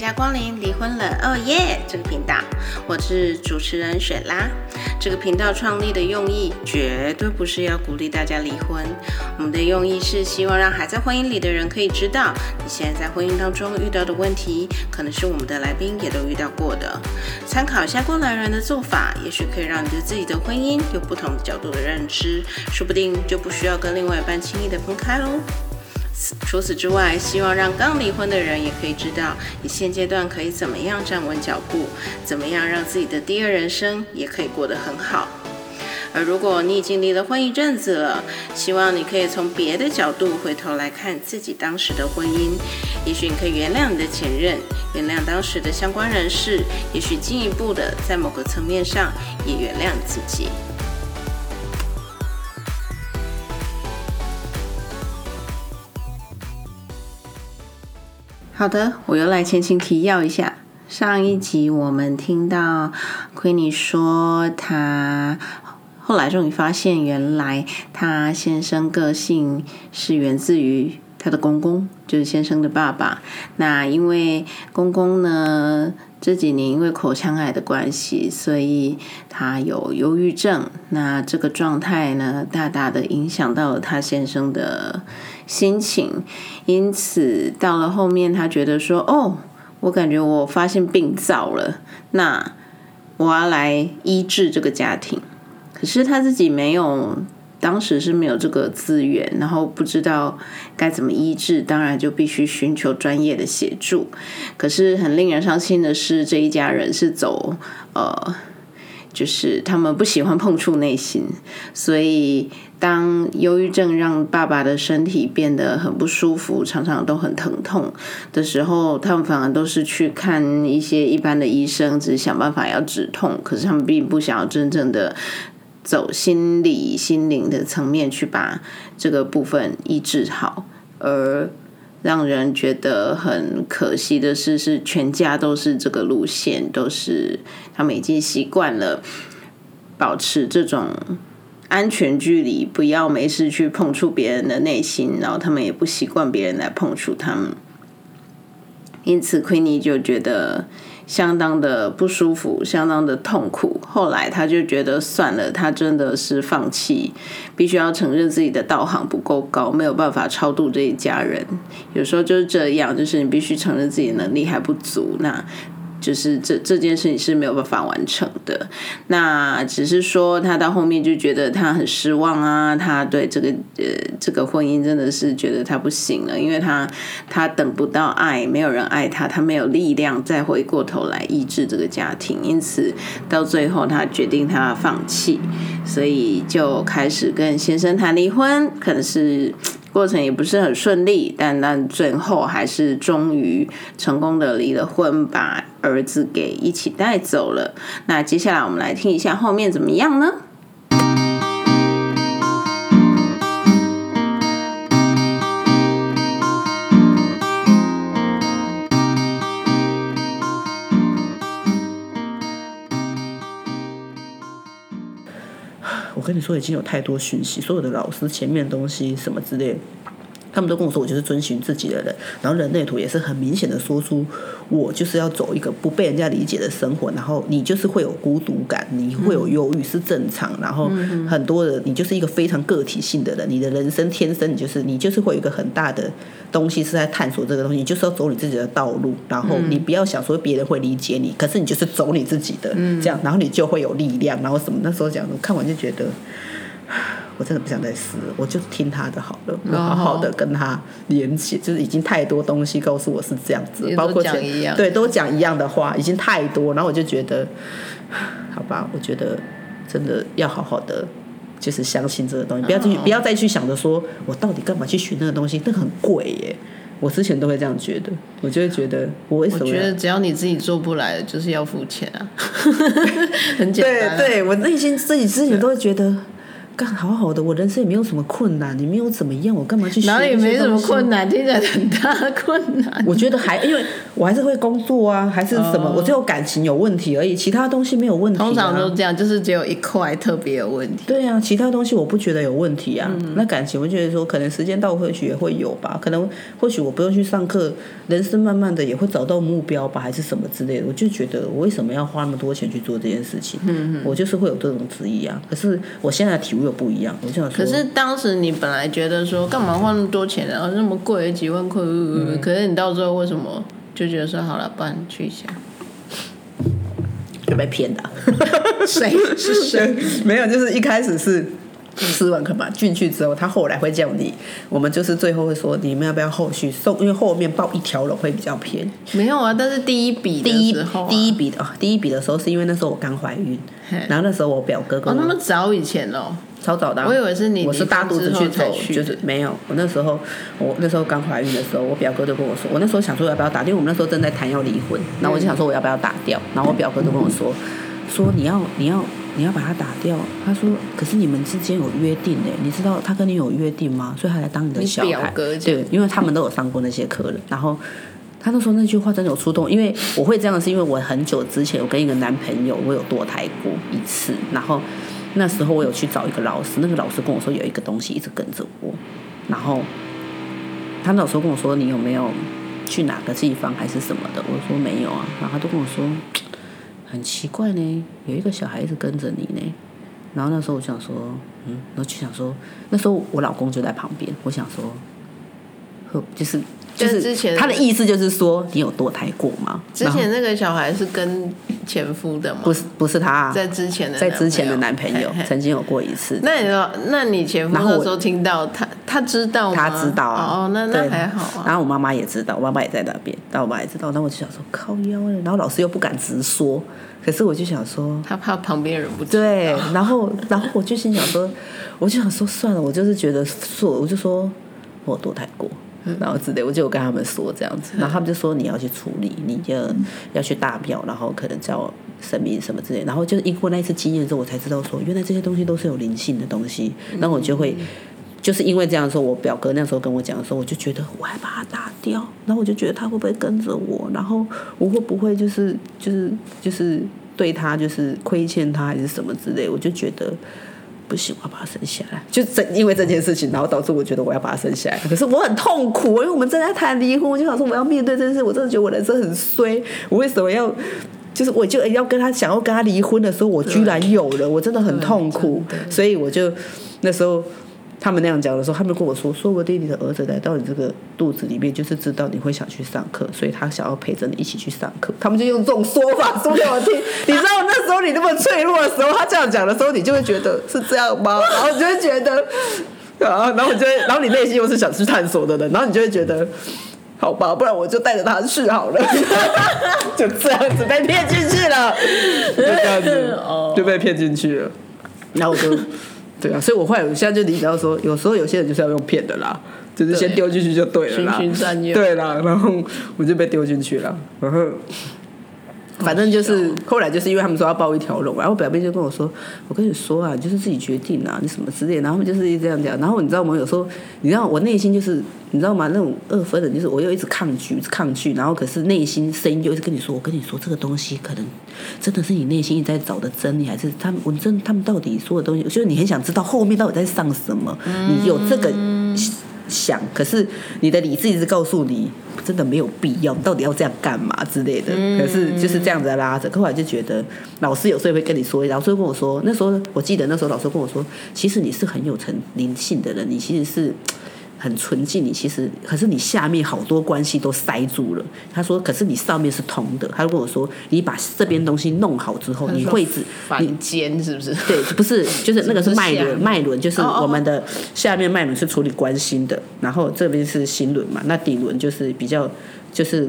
大家光臨離婚了哦耶！Oh、yeah, 這個頻道我是主持人雪拉。這個頻道創立的用意絕對不是要鼓勵大家離婚，我們的用意是希望讓還在婚姻裡的人可以知道，你現在在婚姻當中遇到的問題，可能是我們的來賓也都遇到過的。參考一下過來人的做法，也許可以讓你對自己的婚姻有不同角度的認知，說不定就不需要跟另外一半輕易的分開嘍。除此之外，希望讓剛離婚的人也可以知道，你現階段可以怎麼樣站穩腳步，怎麼樣讓自己的第二人生也可以過得很好。而如果你已經離了婚一陣子了，希望你可以從別的角度回頭來看自己當時的婚姻，也許你可以原諒你的前任，原諒當時的相關人士，也許進一步的在某個層面上也原諒你自己。好的，我又來前情提要一下。上一集我們聽到奎尼說，他後來終於發現，原來他先生個性是源自於他的公公，就是先生的爸爸。那因為公公呢，這幾年因為口腔癌的關係，所以他有憂鬱症。那這個狀態呢，大大的影響到了他先生的心情。因此到了後面，他覺得說：“哦，我感覺我發現病灶了，那我要來醫治這個家庭。”可是他自己沒有。當時是沒有這個資源，然後不知道該怎麼醫治，當然就必須尋求專業的協助。可是很令人傷心的是，這一家人是走呃，就是他們不喜歡碰觸內心，所以當憂鬱症讓爸爸的身體變得很不舒服，常常都很疼痛的時候，他們反而都是去看一些一般的醫生，只是想辦法要止痛，可是他們並不想要真正的。走心理、心靈的層面去把這個部分醫治好，而讓人覺得很可惜的是，是全家都是這個路線，都是他們已經習慣了保持這種安全距離，不要沒事去碰觸別人的內心，然後他們也不習慣別人來碰觸他們，因此 Queenie 就覺得。相當的不舒服，相當的痛苦。後來他就覺得算了，他真的是放棄，必須要承認自己的道行不夠高，沒有辦法超度這一家人。有時候就是這樣，就是你必須承認自己能力還不足。那。就是這這件事情是沒有辦法完成的，那只是說他到後面就覺得他很失望啊，他對這個呃這個婚姻真的是覺得他不行了，因為他他等不到愛，沒有人愛他，他沒有力量再回過頭來醫治這個家庭，因此到最後他決定他放棄，所以就開始跟先生談離婚，可能是。過程也不是很順利，但但最後還是終於成功的離了婚，把兒子給一起帶走了。那接下來我們來聽一下後面怎麼樣呢？跟你說，已經有太多訊息，所有的老師前面的東西什麼之類。他們都跟我說，我就是遵循自己的人。然後人類圖也是很明顯的說出，我就是要走一個不被人家理解的生活。然後你就是會有孤獨感，你會有憂鬱是正常。然後很多的你就是一個非常個體性的人，你的人生天生你就是你就是會有一個很大的東西是在探索這個東西，你就是要走你自己的道路。然後你不要想說別人會理解你，可是你就是走你自己的這樣，然後你就會有力量，然後什麼那時候講的，看完就覺得。我真的不想再撕，我就聽他的好了，我好好的跟他聯繫。就是已經太多東西告訴我是這樣子，樣包括講一樣，對，都講一樣的話，是已經太多。然後我就覺得，好吧，我覺得真的要好好的，就是相信這個東西，不要去，Oh. 不要再去想着說我到底幹嘛去學那個東西，那很貴耶。我之前都會這樣覺得，我就會覺得我為什麼我覺得只要你自己做不來就是要付錢啊， 很簡單、啊、對。對我內心自己之前都會覺得。幹好好的，我人生也沒有什麼困難，你沒有怎麼樣，我幹嘛去？哪裡沒什麼困難？聽起來很大困難。我覺得還，因為我還是會工作啊，還是什麼，哦、我只有感情有問題而已，其他東西沒有問題、啊。通常都是這樣，就是只有一塊特別有問題。對啊，其他東西我不覺得有問題啊。嗯、哼那感情，我覺得說可能時間到，或許也會有吧。可能或許我不用去上課，人生慢慢的也會找到目標吧，還是什麼之類的。我就覺得，我為什麼要花那麼多錢去做這件事情？嗯嗯哼，我就是會有這種質疑啊。可是我現在體悟。都不一樣。我就想，可是當時你本來覺得說，幹嘛花那麼多錢、啊，然後那麼貴，幾萬塊。嗯、可是你到最後為什麼就覺得說，好了，不然你去一下。有沒有騙的、啊？誰是誰？誰 沒有，就是一開始是四萬塊嘛。進去之後，他後來會叫你。我們就是最後會說，你們要不要後續送？因為後面報一條龍會比較偏。沒有啊，但是第一筆的時、啊、第一筆的第一筆、哦、的時候是因為那時候我剛懷孕，嘿然後那時候我表哥跟我那麼早以前哦。我以為是你，我是大肚子去抽。去，就是沒有。我那時候，我那時候剛懷孕的時候，我表哥就跟我說，我那時候想說要不要打掉。因為我們那時候正在談要離婚，然後我就想說我要不要打掉。然後我表哥就跟我說，嗯、說你要，你要，你要把它打掉。他說，可是你們之間有約定的、欸，你知道他跟你有約定嗎？所以他來當你的小孩。表哥，對，因為他們都有上過那些課了。然後他就說那句話真的有觸動，因為我會這樣的，是因為我很久之前我跟一個男朋友我有墮胎過一次，然後。那時候我有去找一個老師，那個老師跟我說有一個東西一直跟着我，然後他那時候跟我說你有沒有去哪個地方還是什麼的，我說沒有啊，然後他都跟我說很奇怪呢，有一個小孩子跟着你呢，然後那時候我想說，嗯，我就想說那時候我老公就在旁邊，我想說，呵，就是。就是之前他的意思就是說，你有墮胎過嗎？之前那個小孩是跟前夫的嗎？不是，不是他，啊，在之前的在之前的男朋友曾經有過一次。那你說，那你前夫那時候聽到他，他知道，他知道，啊、哦，哦，那那還好啊。然後我媽媽也知道，我媽媽也在那邊，然後我爸也知道。然後我就想說，靠腰了，然後老師又不敢直說，可是我就想說，他怕旁邊人不知道。對，然後然後我就心想， 想說，我就想說算了，我就是覺得說，我就說我有墮胎過。然後之類，我就跟他們說這樣子，然後他們就說你要去處理，你就要、嗯、要去打表，然後可能叫神明什麼之類。然後就是因為那一次經驗之後，我才知道說，原來這些東西都是有靈性的東西。然後我就會嗯嗯嗯就是因為這樣說，我表哥那時候跟我講的時候，我就覺得我還把他打掉，然後我就覺得他會不會跟着我，然後我會不會就是就是就是對他就是虧欠他還是什麼之類，我就覺得。不行，我要把他生下來。就正因為這件事情，然後導致我覺得我要把他生下來。可是我很痛苦，因為我們正在談離婚，我就想說我要面對這件事。我真的覺得我人生很衰，我為什麼要？就是我就要跟他想要跟他離婚的時候，我居然有了，我真的很痛苦。所以我就那時候。他們那樣講的時候，他們跟我說：“說我弟弟的兒子來到你這個肚子裡面，就是知道你會想去上課，所以他想要陪着你一起去上課。”他們就用這種說法說給我聽。 你知道那時候你那麼脆弱的時候，他這樣講的時候，你就會覺得是這樣嗎？然後就會覺得啊， 然後就會然後你內心又是想去探索的人，然後你就會覺得好吧，不然我就帶着他去好了。 就這樣子被騙進去了，就這樣子哦，就被騙進去了。然後我就。 對啊，所以我後來我，現在就理解到說，有時候有些人就是要用騙的啦，就是先丟進去就對了啦，對啦，然後我就被丟進去了，然後。反正就是後來就是因為他們說要包一條龍，然後我表妹就跟我說：“我跟你說啊，就是自己決定啊，你什麼之類。”然後就是一直這樣講。然後你知道我有時候，你知道我內心就是你知道嗎？那種二分的就是我又一直抗拒抗拒，然後可是內心聲音又一直跟你說：“我跟你說，這個東西可能真的是你內心一直在找的真理，還是他們我真他們到底說的東西？”就是你很想知道後面到底在上什麼，你有這個。嗯想，可是你的理智一直告訴你，真的沒有必要，你到底要這樣幹嘛之類的。嗯，可是就是這樣子拉着，可後來就覺得老師有時候也會跟你說，老師會跟我說。那時候我記得，那時候老師跟我說，其實你是很有成靈性的人，你其實是。很純淨，你其實可是你下面好多關係都塞住了。他說，可是你上面是通的。他又跟我說，你把這邊東西弄好之後，你會子，你尖是不是？對，不是，就是那個是脈輪。脈輪，就是我們的下面脈輪是處理關心的，然後這邊是心輪嘛，那底輪就是比較就是。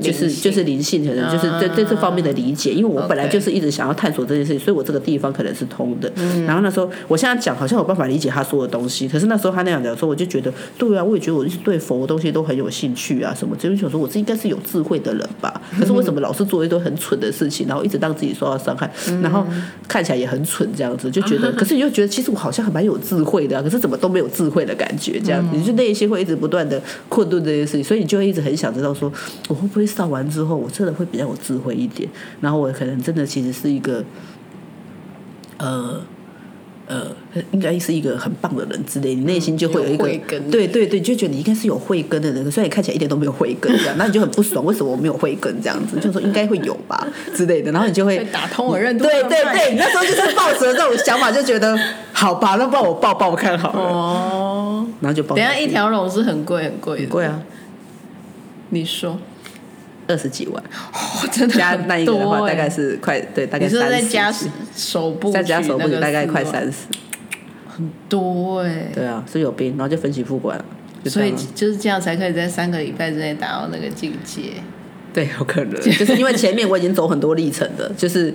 就是就是靈性、嗯、可能就是這這、嗯、這方面的理解，因為我本來就是一直想要探索這件事情，所以我這個地方可能是通的。嗯、然後那時候我現在講好像有辦法理解他說的東西，可是那時候他那樣講說，我就覺得對啊，我也覺得我一直對佛的東西都很有興趣啊什麼，所以就想說我這應該是有智慧的人吧。可是為什麼老是做一堆很蠢的事情，然後一直讓自己受到傷害，然後看起來也很蠢這樣子，就覺得，可是你又覺得其實我好像還蠻有智慧的、啊，可是怎麼都沒有智慧的感覺，這樣子、嗯、你就內心會一直不斷的困頓這件事情，所以你就會一直很想知道說我會不會。掃完之後，我真的會比較有智慧一點，然後我可能真的其實是一個，呃，呃，應該是一個很棒的人之類的，你內心就會有一個、嗯、有慧根耶對對對，你就覺得你應該是有慧根的人，雖然你看起來一點都沒有慧根這樣，那你就很不爽， 為什麼我沒有慧根這樣子？就說應該會有吧之類的，然後你就會,會打通我認對對對， 你那時候就是抱着這種想法，就覺得好吧，那幫我抱抱,抱我看好了哦，然後就抱，等一下一條龍是很貴很貴的，貴啊，你說。二十幾萬，哦、真的很多、欸。加那個的話大概是快對，大概三十。是在加手部，再加手部，大概快三十，很多哎、欸。對啊，是有病，然後就分期付款。所以就是這樣才可以在三個禮拜之內達到那個境界。對，有可能 就是因為前面我已經走很多歷程的，就是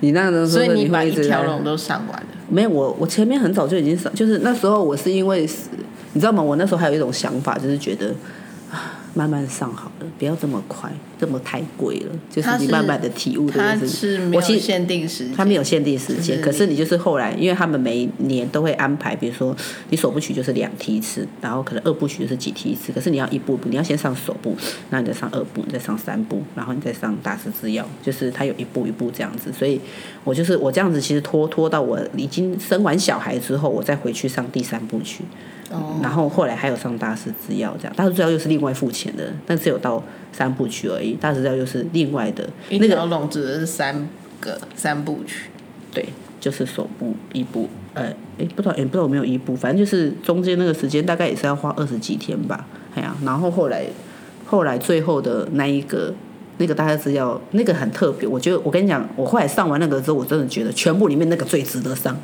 你那時候，所以你把一條龍都上完了。沒有，我我前面很早就已經上，就是那時候我是因為你知道嗎？我那時候還有一種想法，就是覺得。慢慢上好了，不要這麼快，這麼太貴了。就是你慢慢的體悟的是。它是，是沒有限定時間。它沒有限定時間，是是，可是你就是後來，因為他們每年都會安排，比如說你首部曲就是兩梯次，然後可能二部曲就是幾梯次。可是你要一步一步，你要先上首部，那你再上二部，你再上三部，然後你再上大師之鑰，就是它有一步一步這樣子。所以我就是我這樣子，其實拖拖到我已經生完小孩之後，我再回去上第三部曲。嗯、然後後來還有上大師資料，這樣大師資料又是另外付錢的，但只有到三部曲而已。大師資料又是另外的、嗯、那個龍指的是三個三部曲，對，就是首部一部，哎、呃，不知道，也不知道有沒有一部，反正就是中間那個時間大概也是要花二十幾天吧。哎呀、啊，然後後來後來最後的那一個那個大師資料，那個很特別。我覺得我跟你講，我後來上完那個之後，我真的覺得全部裡面那個最值得上。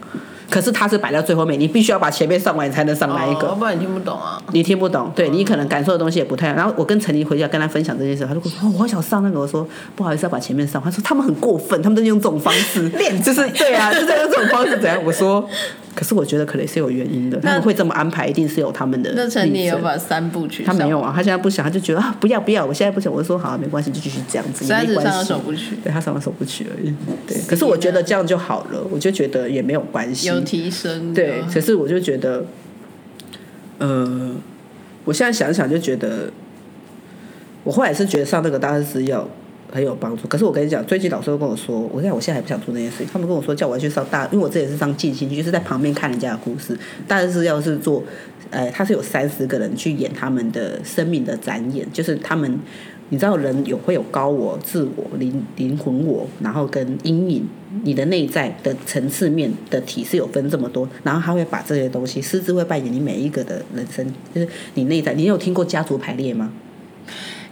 可是他是擺到最後面，你必須要把前面上完，你才能上來一個。老、哦、不然你聽不懂啊，你聽不懂。對，你可能感受的東西也不太好。然後我跟陳妮回家跟他分享這件事，他就說：“哦，我想上那個。”我說：“不好意思，要把前面上。”他說：“他們很過分，他們都用這種方式練， 就是對啊，就是用這種方式 怎樣？”我說。可是我覺得可能是有原因的，那他們會這麼安排，一定是有他們的。那成你有把三部曲？他沒有啊，他現在不想，他就覺得啊，不要不要，我現在不想，我就說好啊，沒關係，就繼續這樣子，也沒關係。三十上首部曲，對，他上了首部曲而已。對，是的可是我覺得這樣就好了，我就覺得也沒有關係，有提升。對，可是我就覺得，呃，我現在想想就覺得，我後來是覺得上那個當然是要。很有幫助，可是我跟你講，最近老師都跟我說，我講我現在還不想做那些事情。他們跟我說叫我去上大，因為我這也是上進心，就是在旁邊看人家的故事。但是要是做，呃，他是有三十個人去演他們的生命的展演，就是他們，你知道人有會有高我、自我、靈靈魂我，然後跟陰影，你的內在的層次面的體是有分這麼多，然後他會把這些東西，師資會扮演你每一個的人生，就是你內在，你有聽過家族排列嗎？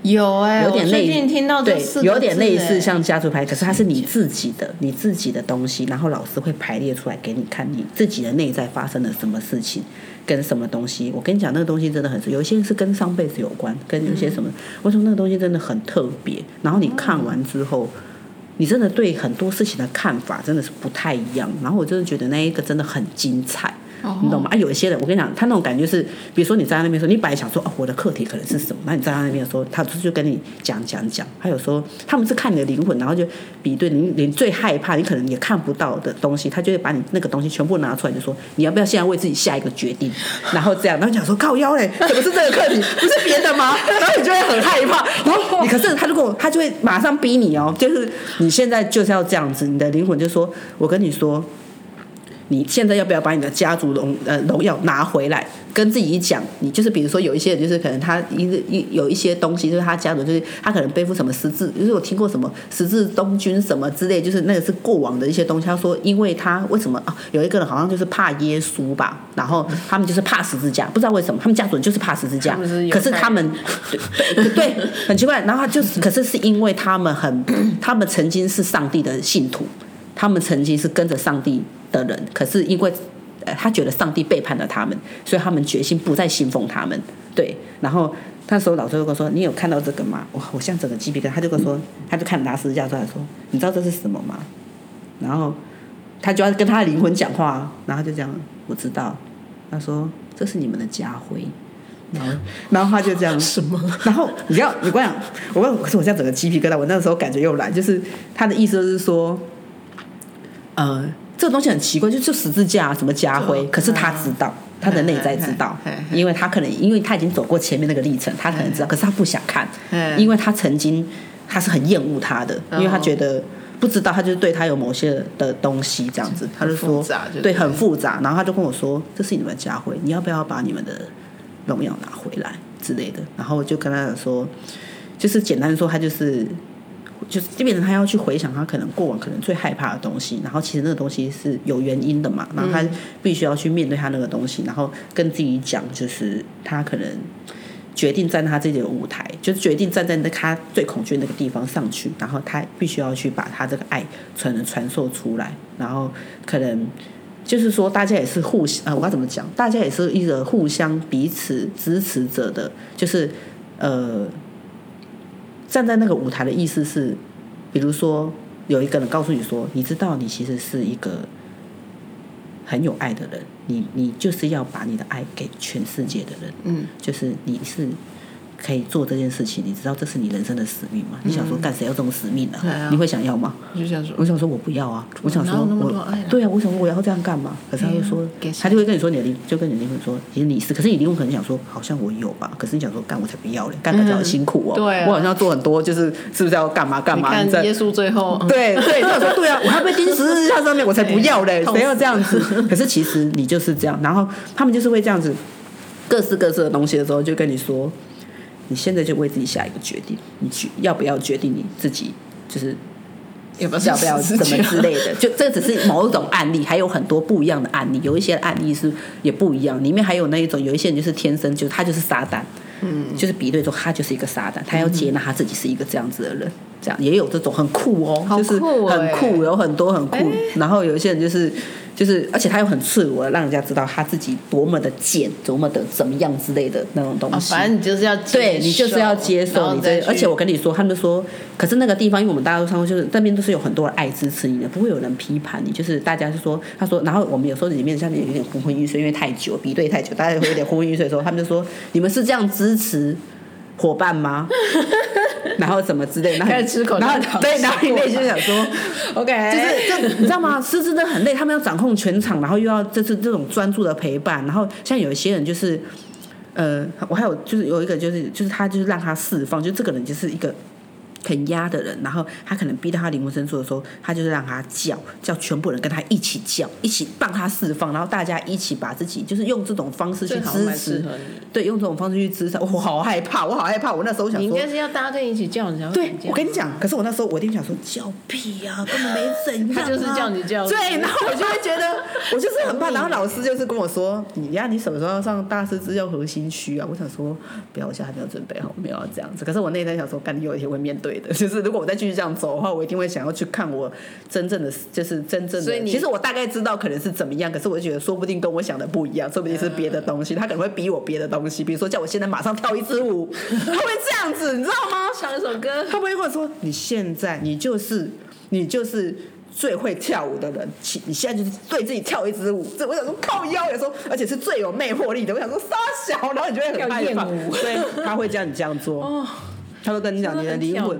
有哎、欸，有點類似有點類似像家族牌，可是它是你自己的，你自己的東西。然後老師會排列出來給你看，你自己的內在發生了什麼事情，跟什麼東西。我跟你講，那個東西真的很，有一些是跟上輩子有關，跟有些什麼。嗯、我說那個東西真的很特別。然後你看完之後，嗯、你真的對很多事情的看法真的是不太一樣。然後我真的覺得那一個真的很精彩。你懂嗎？啊，有一些人，我跟你講，他那種感覺是，比如說你站在那邊說，你本來想說，哦、啊，我的課題可能是什麼？那你站在那邊說，他就就跟你講講講。還有說，他們是看你的靈魂，然後就比對你連最害怕，你可能也看不到的東西，他就會把你那個東西全部拿出來，就說你要不要現在為自己下一個決定？然後這樣，然後講說靠腰誒，怎麼是這個課題？不是別的嗎？然後你就會很害怕。然後你可是他如果他就會馬上逼你哦，就是你現在就是要這樣子，你的靈魂就說，我跟你說。你現在要不要把你的家族榮呃榮耀拿回來？跟自己講，你就是比如說有一些人，就是可能他一個一有一些東西，就是他家族就是他可能背負什麼十字，就是我聽過什麼十字東君什麼之類，就是那個是過往的一些東西。他說，因為他為什麼啊？有一個人好像就是怕耶穌吧，然後他們就是怕十字架，不知道為什麼他們家族就是怕十字架。是可是他們 對很奇怪，然後他就是 可是是因為他們很，他們曾經是上帝的信徒，他們曾經是跟着上帝。的人，可是因為、呃，他覺得上帝背叛了他們，所以他們決心不再信奉他們。對，然後那時候老師就跟我說：“你有看到這個嗎？”我我像整個雞皮疙瘩。他就跟我說，嗯、他就看他私下出來說：“你知道這是什麼嗎？”然後他就要跟他的靈魂講話，然後就這樣。“我知道。”他說：“這是你們的家徽。”然後， 然後他就這樣。什麼？然後你要你不要。我我說我現在整個雞皮疙瘩。我那時候感覺又來，就是他的意思是說，呃。這個東西很奇怪，就就十字架什、啊、麼家徽？對可是他知道、啊、他的內在知道，嘿嘿嘿因為他可能因為他已經走過前面那個歷程，他可能知道，嘿嘿可是他不想看，嘿嘿因為他曾經他是很厭惡他的，哦、因為他覺得不知道，他就是對他有某些的東西這樣子，就他就說很就對，對很複雜，然後他就跟我說，這是你們家徽，你要不要把你們的榮耀拿回來之類的？然後我就跟他說，就是簡單說，他就是。就是，這邊他要去回想他可能過往可能最害怕的東西，然後其實那個東西是有原因的嘛，然後他必須要去面對他那個東西，然後跟自己講，就是他可能決定站他自己的舞台，就是決定站在那他最恐懼那個地方上去，然後他必須要去把他這個愛傳傳授出來，然後可能就是說大家也是互相啊、呃，我該怎麼講？大家也是一個互相彼此支持者的，就是呃。站在那個舞台的意思是，比如說有一個人告訴你說，你知道你其實是一個很有愛的人，你你就是要把你的愛給全世界的人，嗯，就是你是。可以做這件事情，你知道這是你人生的使命嗎？你想說幹誰要這種使命呢？你會想要嗎？我就想說，我想說我不要啊！我想說，我對啊，我想說我要這樣幹嘛？可是他又說，他就會跟你說，你就跟你離婚說，其實你是，可是你離婚可能想說，好像我有吧？可是你想說幹我才不要嘞，幹得比較辛苦哦，對，我好像要做很多，就是是不是要幹嘛幹嘛？你在耶穌最後，對對，他想說對啊，我還被釘十字架上面，我才不要嘞，誰要這樣子。可是其實你就是這樣，然後他們就是會這樣子，各式各色的東西的時候，就跟你說。你現在就為自己下一個決定，你去，要不要決定你自己就是要不要什麼之類的？就這只是某一種案例， 還有很多不一樣的案例，有一些案例是也不一樣。裡面還有那一種，有一些人就是天生就是、他就是撒旦，嗯，就是比對說他就是一個撒旦，他要接納他自己是一個這樣子的人。嗯嗯。也有這種很酷哦，酷就是很酷，欸、有很多很酷。然後有一些人就是，就是，而且他又很赤裸，讓人家知道他自己多麼的賤，多麼的怎麼樣之類的那種東西。哦、反正你就是要，對你就是要接受你這。而且我跟你說，他們說，可是那個地方，因為我們大家都說，就是那邊都是有很多人愛支持你的，不會有人批判你。就是大家是說，他說，然後我們有時候裡面像有點昏昏欲睡，因為太久比對太久，大家會有點昏昏欲睡的時候，他們就說， 你們是這樣支持伙伴嗎？ 然後什麼之類的，然後開始吃口吃，然後對，然後你內心想說 ，OK，就是這，就你知道嗎？獅子真的很累，他們要掌控全場，然後又要這次這種專注的陪伴，然後像有一些人就是，呃，我還有就是有一個就是就是他就是讓他釋放，就這個人就是一個。肯壓的人，然後他可能逼到他靈魂深處的時候，他就是讓他叫，叫全部人跟他一起叫，一起幫他釋放，然後大家一起把自己就是用這種方式去支持。對，好像蠻適合的。對，用這種方式去支持。我好害怕，我好害怕。我那時候想說，你應該是要大家跟你一起叫，你才對。我跟你講，可是我那時候我一定想說叫屁啊，根本沒怎樣，啊、他就是叫你叫，對。然後我就會覺得 我就是很怕。然後老師就是跟我說，欸、你呀，你什麼時候要上大師之教核心區啊？我想說，不要，我現在還沒有準備好，沒有要這樣子。可是我那天想說，幹你有一天會面對。就是如果我再繼續這樣走的話，我一定會想要去看我真正的，就是真正的。所以你其實我大概知道可能是怎麼樣，可是我覺得說不定跟我想的不一樣，說不定是別的東西，他可能會逼我別的東西，比如說叫我現在馬上跳一支舞，他 會這樣子，你知道嗎？唱一首歌，他不會跟我說你現在你就是你就是最會跳舞的人，你現在就是對自己跳一支舞。這我想說靠腰也說，而且是最有魅惑力的，我想說殺小，然後你就會很害怕，所以他會叫你這樣做。 他說跟你講，你的靈魂，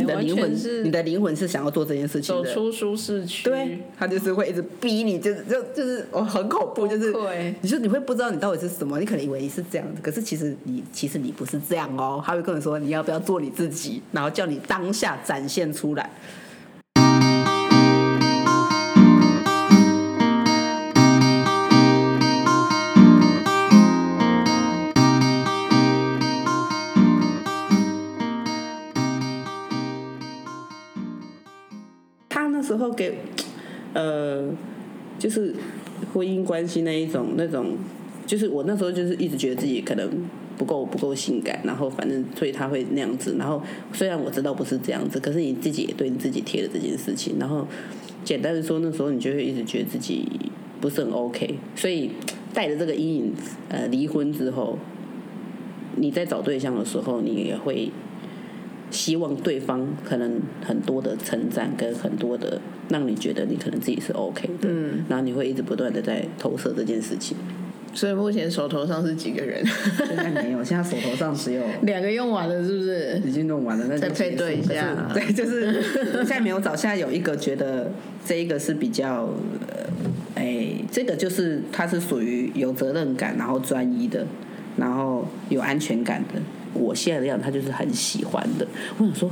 你的靈魂是，你的靈魂、魂、魂是想要做這件事情的。走出舒適區，對，他就是會一直逼你，就是就就是，哦，很恐怖，就是。對。你說你會不知道你到底是什麼？你可能以為你是這樣子，可是其實你，其實你不是這樣哦、喔。他會跟你說，你要不要做你自己，然後叫你當下展現出來。時候給，呃，就是婚姻關係那一種那種，就是我那時候就是一直覺得自己可能不夠不夠性感，然後反正所以他會那樣子，然後雖然我知道不是這樣子，可是你自己也對你自己貼了這件事情，然後簡單的說，那時候你就會一直覺得自己不是很 OK，所以帶着這個陰影，呃，離婚之後，你在找對象的時候，你也會。希望對方可能很多的成長跟很多的讓你覺得你可能自己是 OK 的，嗯、然後你會一直不斷的在投射這件事情。所以目前手頭上是幾個人？現在沒有，現在手頭上只有兩 個用完了，是不是？已經弄完了，那再配對一下。是 對，就是現在沒有找，現在有一個覺得這一個是比較，哎、呃欸，這個就是他是屬於有責任感，然後專一的，然後有安全感的。我現在的樣子，他就是很喜歡的。我想說，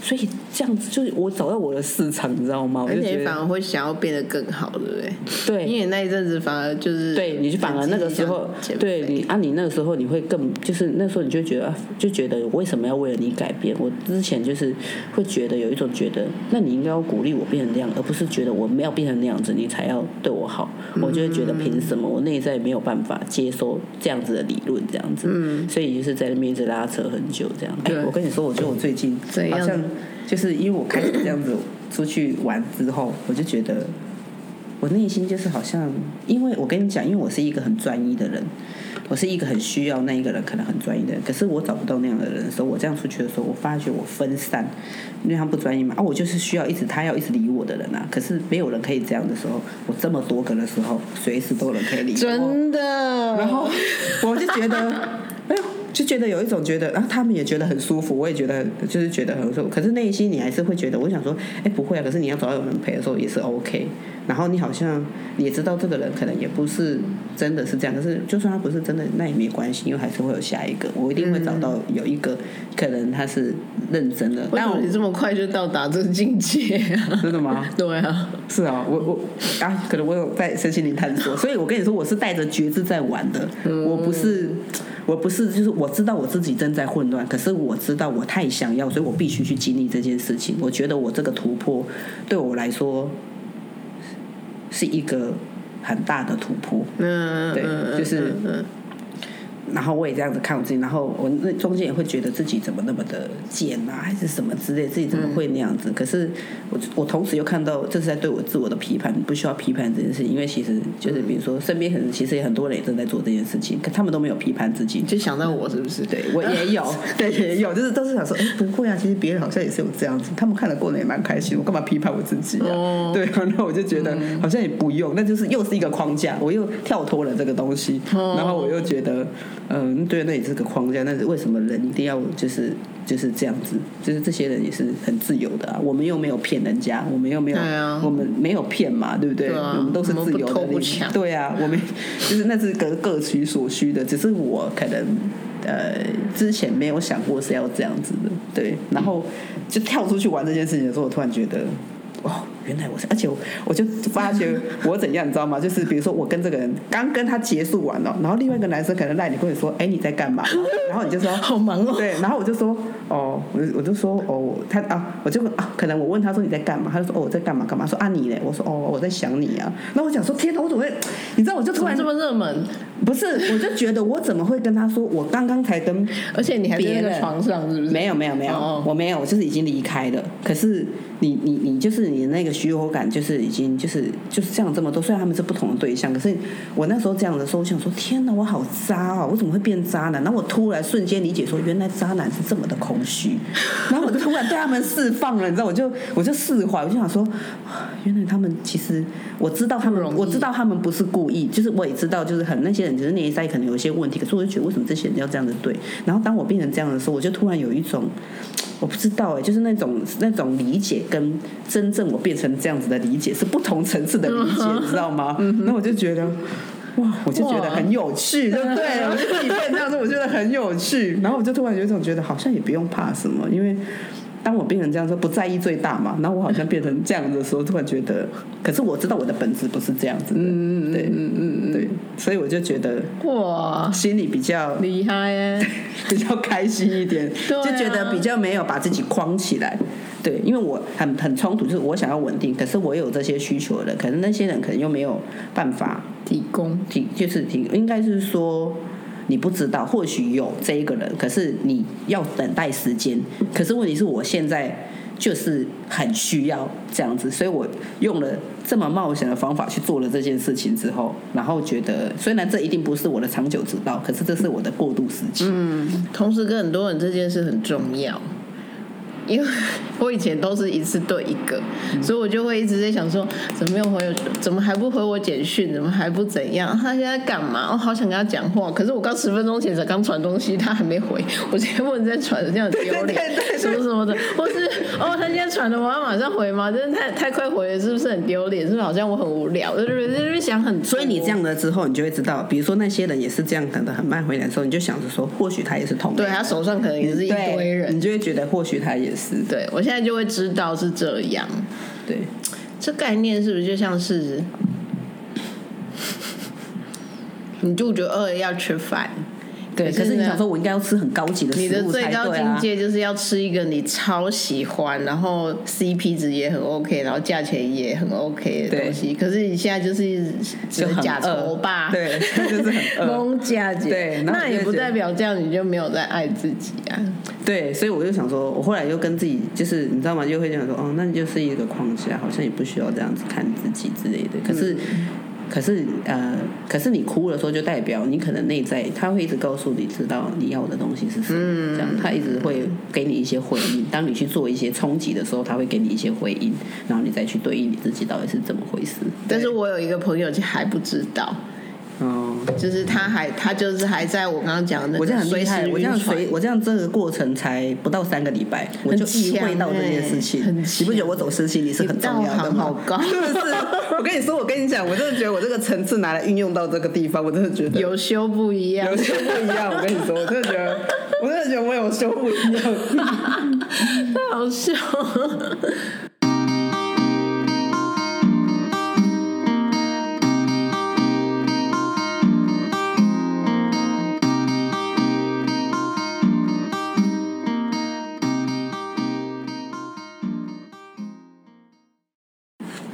所以這樣子就是我找到我的市場，你知道嗎？而且你反而會想要變得更好，對不對？對，因為那一陣子反而就是，對，你就反而那個時候，脆對你啊，你那個時候你會更，就是那時候你就覺得、啊，就覺得為什麼要為了你改變？我之前就是會覺得有一種覺得，那你應該要鼓勵我變成這樣，而不是覺得我沒有變成那樣子，你才要對我好。我就會覺得憑什麼？我內在沒有辦法接受這樣子的理論，這樣子，嗯，所以就是在那邊一直拉。拉扯很久，這樣。對。我跟你說，我覺得我最近好像，就是因為我開始這樣子出去玩之後，我就覺得我內心就是好像，因為我跟你講，因為我是一個很專一的人，我是一個很需要那一個人，可能很專一的人。可是我找不到那樣的人的時候，我這樣出去的時候，我發覺我分散，因為他不專一嘛。啊，我就是需要一直他要一直理我的人啊。可是沒有人可以這樣的時候，我這麼多個的時候，隨時都能可以理。真的。然後我就覺得。 哎呦，就覺得有一種覺得，然後，啊，他們也覺得很舒服，我也覺得就是覺得很舒服。可是內心你還是會覺得，我想說，哎，不會啊。可是你要找到有人陪的時候也是 OK。然後你好像也知道這個人可能也不是真的是這樣，可是就算他不是真的，那也沒關係，因為還是會有下一個，我一定會找到有一個、嗯、可能他是認真的。但我，為什麼你這麼快就到達這個境界？啊、真的嗎？對啊，是啊，我我啊，可能我有在身心靈探索，所以我跟你說，我是帶着覺知在玩的，嗯、我不是。我不是，就是我知道我自己正在混亂，可是我知道我太想要，所以我必須去經歷這件事情。我覺得我這個突破對我來說是一個很大的突破，嗯，對，就是。然後我也這樣子看我自己，然後我那中間也會覺得自己怎麼那麼的賤啊，還是什麼之類的，自己怎麼會那樣子？嗯、可是我我同時又看到這是在對我自我的批判，不需要批判這件事，因為其實就是比如說身邊很其實也很多人也正在做這件事情，可他們都沒有批判自己，就想到我是不是？嗯、對我也有， 對也有，就是都是想說，哎、欸，不會啊，其實別人好像也是有這樣子，他們看得過的也蠻開心，我幹嘛批判我自己？啊？哦、對啊，然後我就覺得、嗯、好像也不用，那就是又是一個框架，我又跳脫了這個東西，哦、然後我又覺得。嗯，對，那也是個框架，但是為什麼人一定要就是就是這樣子？就是這些人也是很自由的啊，我們又沒有騙人家，我們又沒有，啊、我們沒有騙嘛，對不對？對啊、我們都是自由的，不不對啊，我們就是那是各個各取所需的， 只是我可能呃之前沒有想過是要這樣子的，對，然後就跳出去玩這件事情的時候，我突然覺得哇。哦原來我是，而且我，我就發覺我怎樣，你知道嗎？就是比如說，我跟這個人剛跟他結束完了，然後另外一個男生可能賴你會說：“哎、欸，你在幹嘛？”然後你就說：“好忙哦。嗯”對，然後我就說：“哦，我我就說哦，他啊，我就啊，可能我問他說你在幹嘛，他就說：‘哦，我在幹嘛幹嘛。嘛’說啊，你嘞？我說：‘哦，我在想你啊。’那我想說，天吶，我怎麼會？你知道，我就突然怎麼這麼熱門，不是？我就覺得我怎麼會跟他說我剛剛才跟，而且你還在一個床上，是不是？沒有，沒有，沒有，oh. 我沒有，我就是已經離開了。可是你，你，你，你就是你那個。局火感，就是已經就是就是這樣這麼多，雖然他們是不同的對象，可是我那時候這樣的時候我想說，天哪，我好渣啊、哦！我怎麼會變渣男？然後我突然瞬間理解說，原來渣男是這麼的空虛，然後我就突然對他們釋放了，你知道，我就我就釋懷，我就想說，原來他們其實我知道他們，我知道他們不是故意，就是我也知道，就是很那些人就是內在可能有些問題，可是我就覺得為什麼這些人要這樣子對？然後當我變成這樣的時候，我就突然有一種。我不知道哎、欸，就是那種那種理解跟真正我變成這樣子的理解是不同層次的理解，嗯、哼你知道嗎？那、嗯、哼我就覺得，哇，我就覺得很有趣，哇對不對？我就體驗這樣子，我覺得很有趣。 然後我就突然有種覺得好像也不用怕什麼，因為。當我變成這樣說，不在意最大嘛，然後我好像變成這樣子的時候，突然覺得，可是我知道我的本質不是這樣子嗯，對嗯，嗯，嗯，所以我就覺得，哇，心裡比較厲哇較害，欸， 比較開心一點， 啊、就覺得比較沒有把自己框起來，對，因為我很很衝突，就是我想要穩定，可是我有這些需求的，可是那些人可能又沒有辦法提供，提就是提，應該是說。你不知道，或許有這一個人，可是你要等待時間。可是問題是我現在就是很需要這樣子，所以我用了這麼冒險的方法去做了這件事情之後，然後覺得雖然這一定不是我的長久之道，可是這是我的過渡時期。嗯，同時跟很多人這件事很重要。因為我以前都是一次對一個，所以我就會一直在想說，怎麼沒有回？怎麼還不回我簡訊？怎麼還不怎樣？他現在幹嘛？我、哦、好想跟他講話，可是我剛十分鐘前才剛傳東西，他還沒回，我直接問再傳，這樣很丟臉，對對對對什麼什麼的，或是哦，他現在傳的我要馬上回嗎？真的太太快回了，是不是很丟臉？是不是好像我很無聊？就是、就是、想很所以你這樣的之後，你就會知道，比如說那些人也是這樣等的很慢，回來的時候你就想着說，或許他也是同。對，他手上可能也是一堆人，你就會覺得或許他也是。對，我現在就會知道是這樣。對，這概念是不是就像是，你就覺得餓了要吃飯。對，可是，可是你想說，我應該要吃很高級的食物才對啊。你的最高境界就是要吃一個你超喜歡，然後 CP 值也很 OK，然後價錢也很 OK 的東西。對可是你現在就是就是假愁吧？爸對，就，就是很蒙家 姐。對，那也不代表這樣你就沒有在愛自己啊。對，所以我就想說，我後來又跟自己，就是你知道嗎？就會想說，哦、嗯，那你就是一個框架，好像也不需要這樣子看自己之類的。可是。嗯可是，呃，可是你哭的時候，就代表你可能內在，他會一直告訴你，知道你要的東西是什麼。嗯、這樣，他一直會給你一些回應。嗯、當你去做一些衝擊的時候，他會給你一些回應，然後你再去對應你自己到底是怎麼回事。但是我有一個朋友，就還不知道。就是他還他就是還在我剛剛講的，我這樣隨時我這樣隨我這樣這個過程才不到三個禮拜，欸、拜，我就意會到這件事情。強你不覺得我走私心理是很重要的嗎？好高。是不是？我跟你說，我跟你講，我真的覺得我這個層次拿來運用到這個地方，我真的覺得有修不一樣，有修不一樣。我跟你說，我真的覺得，我真的覺得我有修不一樣， 好笑、喔。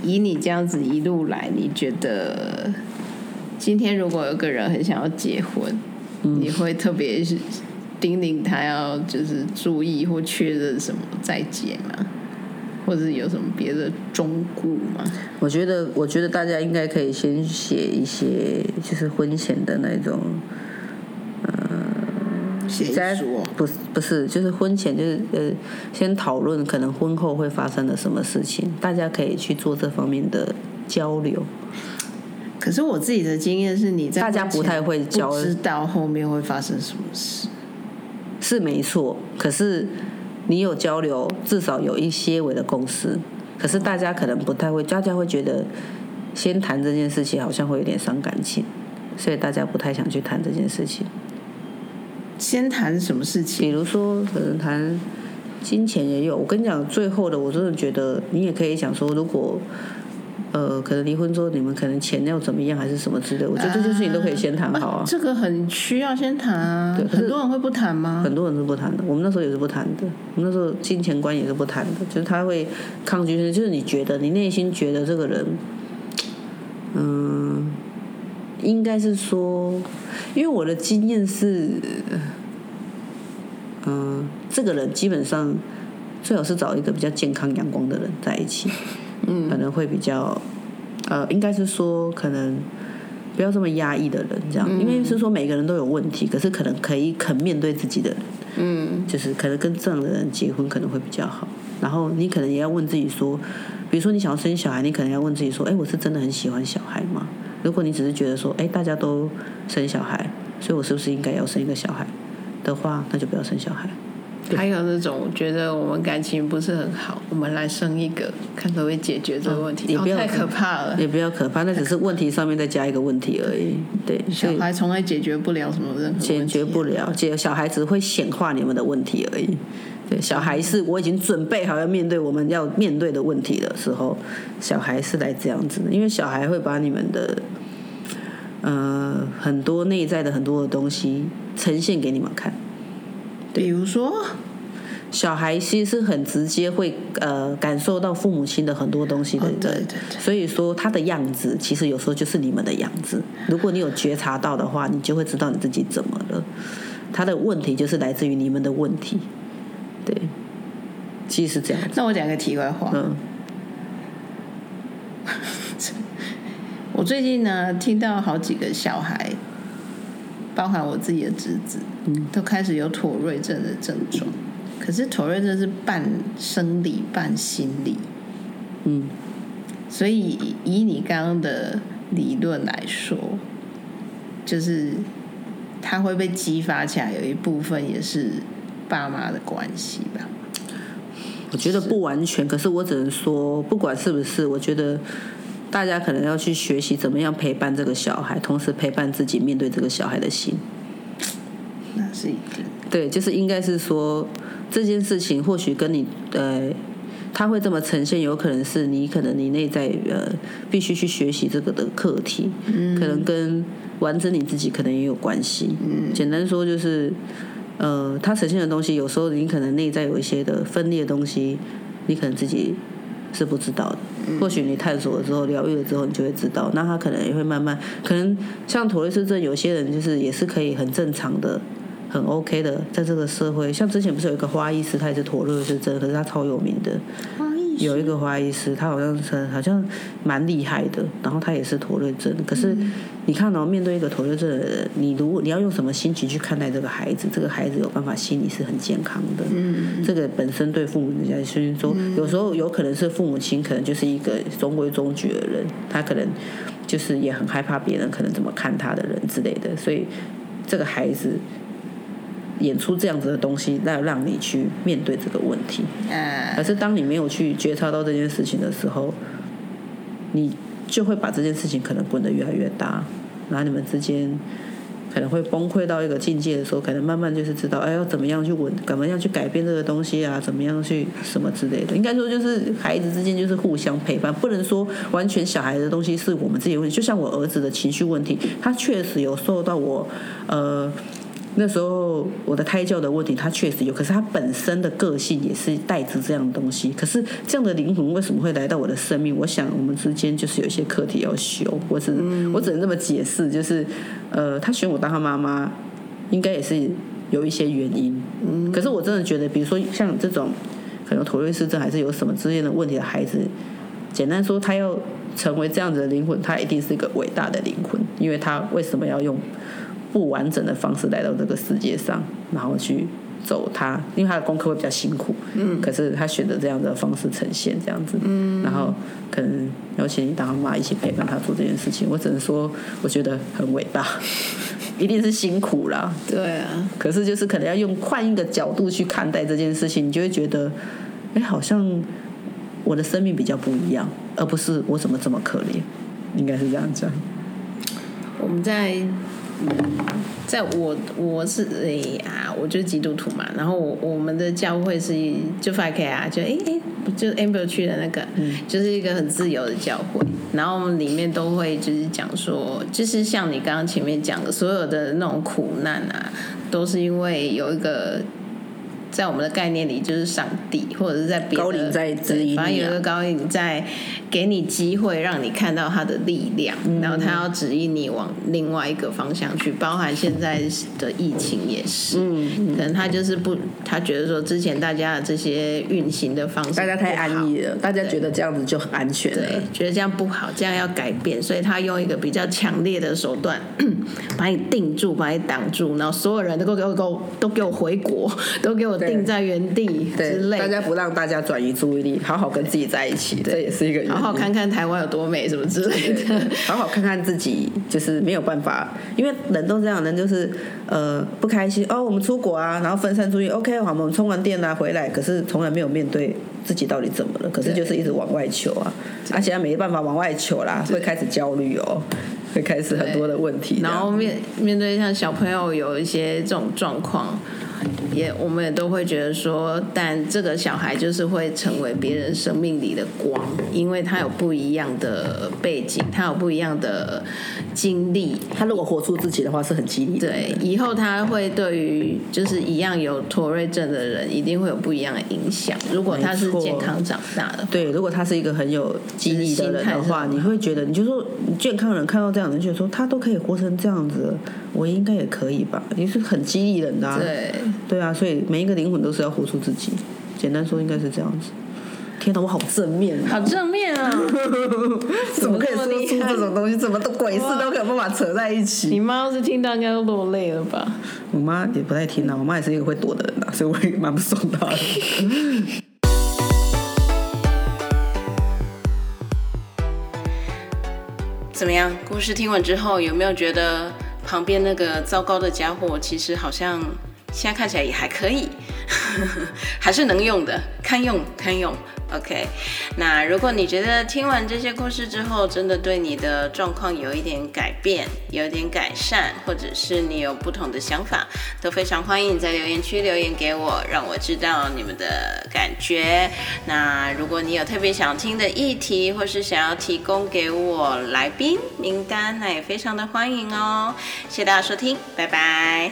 以你這樣子一路來，你覺得今天如果有個人很想要結婚，嗯、你會特別叮嚀他要就是注意或確認什麼再結嗎？或者有什麼別的忠告嗎？我覺得，我覺得大家應該可以先寫一些，就是婚前的那種。沒錯別，不是不是，就是婚前就是呃，先討論可能婚後會發生的什麼事情，大家可以去做這方面的交流。可是我自己的經驗是，你在大家不太會交流，知道後面會發生什麼事，是，是，什麼事是沒錯。可是你有交流，至少有一些為的共識。可是大家可能不太會，大家會覺得先談這件事情好像會有點傷感情，所以大家不太想去談這件事情。先談什麼事情？比如說，可能談金錢也有。我跟你講，最後的我真的覺得，你也可以想說，如果呃，可能離婚之後你們可能錢要怎麼樣，還是什麼之類，我覺得這些事情都可以先談好啊，啊，啊。這個很需要先談啊。對，很多人會不談嗎？很多人是不談的。我們那時候也是不談的，我們那時候金錢觀也是不談的，就是他會抗拒。就是你覺得，你內心覺得這個人，嗯、呃，應該是說。因為我的經驗是，嗯、呃，這個人基本上最好是找一個比較健康、陽光的人在一起，嗯，可能會比較，呃，應該是說可能不要這麼壓抑的人，這樣，嗯、因為是說每個人都有問題，可是可能可以肯面對自己的人，嗯，就是可能跟這樣的人結婚可能會比較好。然後你可能也要問自己說，比如說你想要生小孩，你可能要問自己說，誒，我是真的很喜歡小孩嗎？如果你只是覺得說，哎、欸，大家都生小孩，所以我是不是應該要生一個小孩的話，那就不要生小孩。還有那種覺得我們感情不是很好，我們來生一個，看可不可以解決這個問題，也不要、哦、太可怕了。也不要可怕，可怕那只是問題上面再加一個問題而已。對，對小孩從來解決不了什麼問題、啊，解決不了，解小孩只會顯化你們的問題而已。對，小孩是我已經準備好要面對我們要面對的問題的時候，小孩是來這樣子的，因為小孩會把你們的呃很多內在的很多的東西呈現給你們看。對，比如說，小孩其實是很直接會呃感受到父母親的很多東西的。哦，對對對。所以說他的樣子其實有時候就是你們的樣子。如果你有覺察到的話，你就會知道你自己怎麼了。他的問題就是來自於你們的問題。對，其實這樣。那我講個題外話。嗯。 我最近呢，聽到好幾個小孩，包含我自己的侄子，嗯，都開始有妥瑞症的症狀。可是妥瑞症是半生理半心理。嗯。所以以你剛剛的理論來說，就是它會被激發起來，有一部分也是爸媽的關係吧，我覺得不完全，是。可是我只能說，不管是不是，我覺得大家可能要去學習怎麼樣陪伴這個小孩，同時陪伴自己面對這個小孩的心。那是一個。對，就是應該是說這件事情，或許跟你呃，他會這麼呈現，有可能是你可能你內在呃，必須去學習這個的課題，嗯，可能跟完整你自己可能也有關係。嗯，簡單說就是。呃，他呈現的東西，有時候你可能內在有一些的分裂的東西，你可能自己是不知道的。或許你探索了之後，療癒了之後，你就會知道。那他可能也會慢慢，可能像妥瑞氏症，有些人就是也是可以很正常的、很 OK 的，在這個社會。像之前不是有一個花藝師，他也是妥瑞氏症，可是他超有名的。有一個華醫師，他好像是好像蠻厲害的，然後他也是妥瑞症。可是你看哦，面對一個妥瑞症的人，你如果你要用什麼心情去看待這個孩子？這個孩子有辦法，心理是很健康的。嗯、這個本身對父母親來說，嗯、有時候有可能是父母親可能就是一個中規中矩的人，他可能就是也很害怕別人可能怎麼看他的人之類的，所以這個孩子。演出這樣子的東西，來讓讓你去面對這個問題。可是當你沒有去覺察到這件事情的時候，你就會把這件事情可能滾得越來越大，然後你們之間可能會崩潰到一個境界的時候，可能慢慢就是知道，哎，要怎麼樣去穩，怎麼樣去改變這個東西啊？怎麼樣去什麼之類的。應該說，就是孩子之間就是互相陪伴，不能說完全小孩的東西是我們自己的問題。就像我兒子的情緒問題，他確實有受到我，呃。那時候我的胎教的問題，他確實有，可是他本身的個性也是帶着這樣的東西。可是這樣的靈魂為什麼會來到我的生命？我想我們之間就是有一些課題要修，我只我只能這麼解釋，就是呃，他選我當他媽媽，應該也是有一些原因。嗯。可是我真的覺得，比如說像這種可能妥瑞氏症還是有什麼之類的問題的孩子，簡單說，他要成為這樣子的靈魂，他一定是一個偉大的靈魂，因為他為什麼要用？不完整的方式來到這個世界上，然後去走他，因為他的功課會比較辛苦。嗯，可是他選擇這樣的方式呈現這樣子，嗯，然後可能邀請你當媽一起陪伴他做這件事情，我只能說我覺得很偉大， 一定是辛苦啦。對啊，可是就是可能要用換一個角度去看待這件事情，你就會覺得，哎、欸，好像我的生命比較不一樣，而不是我怎麼這麼可憐，應該是這樣講。我們在。嗯、在我我是哎呀，我就是基督徒嘛。然後我我們的教會是就 FIGHT.K 啊，就哎哎，就 Amber 去的那個，嗯、就是一個很自由的教會。然後我們裡面都會就是講說，就是像你剛剛前面講的，所有的那種苦難啊，都是因為有一個在我們的概念裡就是上帝，或者是在別人，在、啊、反正有一個高靈在。給你機會，讓你看到他的力量，然後他要指引你往另外一個方向去。包含現在的疫情也是，嗯，嗯嗯可能他就是不，他覺得說之前大家的這些運行的方式，大家太安逸了，對大家覺得這樣子就很安全了，對，覺得這樣不好，這樣要改變，所以他用一個比較強烈的手段 把你定住，把你擋住，然後所有人都給我給我都給我回國，都給我定在原地之類的，對，對，大家不讓大家轉移注意力，好好跟自己在一起，對對這也是一個。好好好看看台灣有多美，什麼之類的。好好看看自己，就是沒有辦法，因為人都是這樣，人就是呃不開心哦。我們出國啊，然後分散出去，OK，好，我們充完電啊回來，可是從來沒有面對自己到底怎麼了，可是就是一直往外求啊，對而且他沒辦法往外求啦，對會開始焦慮哦、喔，會開始很多的問題。然後面面對像小朋友有一些這種狀況。也，我們也都會覺得說，但這個小孩就是會成為別人生命裡的光，因為他有不一樣的背景，他有不一樣的。經歷，他如果活出自己的話，是很激勵。對，以後他會對於就是一樣有妥瑞症的人，一定會有不一樣的影響。如果他是健康沒錯長大的，對，如果他是一個很有激勵的人的話，你會覺得，你就是說，健康人看到這樣的人，覺得說他都可以活成這樣子，我應該也可以吧？你是很激勵人的啊，對，對啊，所以每一個靈魂都是要活出自己。簡單說，應該是這樣子。天哪，我好正面，啊，好正面啊！ 怎麼可以說出這種東西？怎麼都鬼事都想不可以把扯在一起？你媽要是聽到應該都落淚了吧？我媽也不太聽到，啊，我媽也是一個會躲的人，啊，所以我也蠻不爽她的，啊。 怎麼樣？故事聽完之後，有沒有覺得旁邊那個糟糕的家伙，其實好像現在看起來也還可以， 還是能用的，堪用堪用。OK，那如果你覺得聽完這些故事之後，真的對你的狀況有一點改變，有一點改善，或者是你有不同的想法，都非常歡迎你在留言區留言給我，讓我知道你們的感覺。那如果你有特別想聽的議題，或是想要提供給我來賓名單，那也非常的歡迎哦。謝謝大家收聽，拜拜。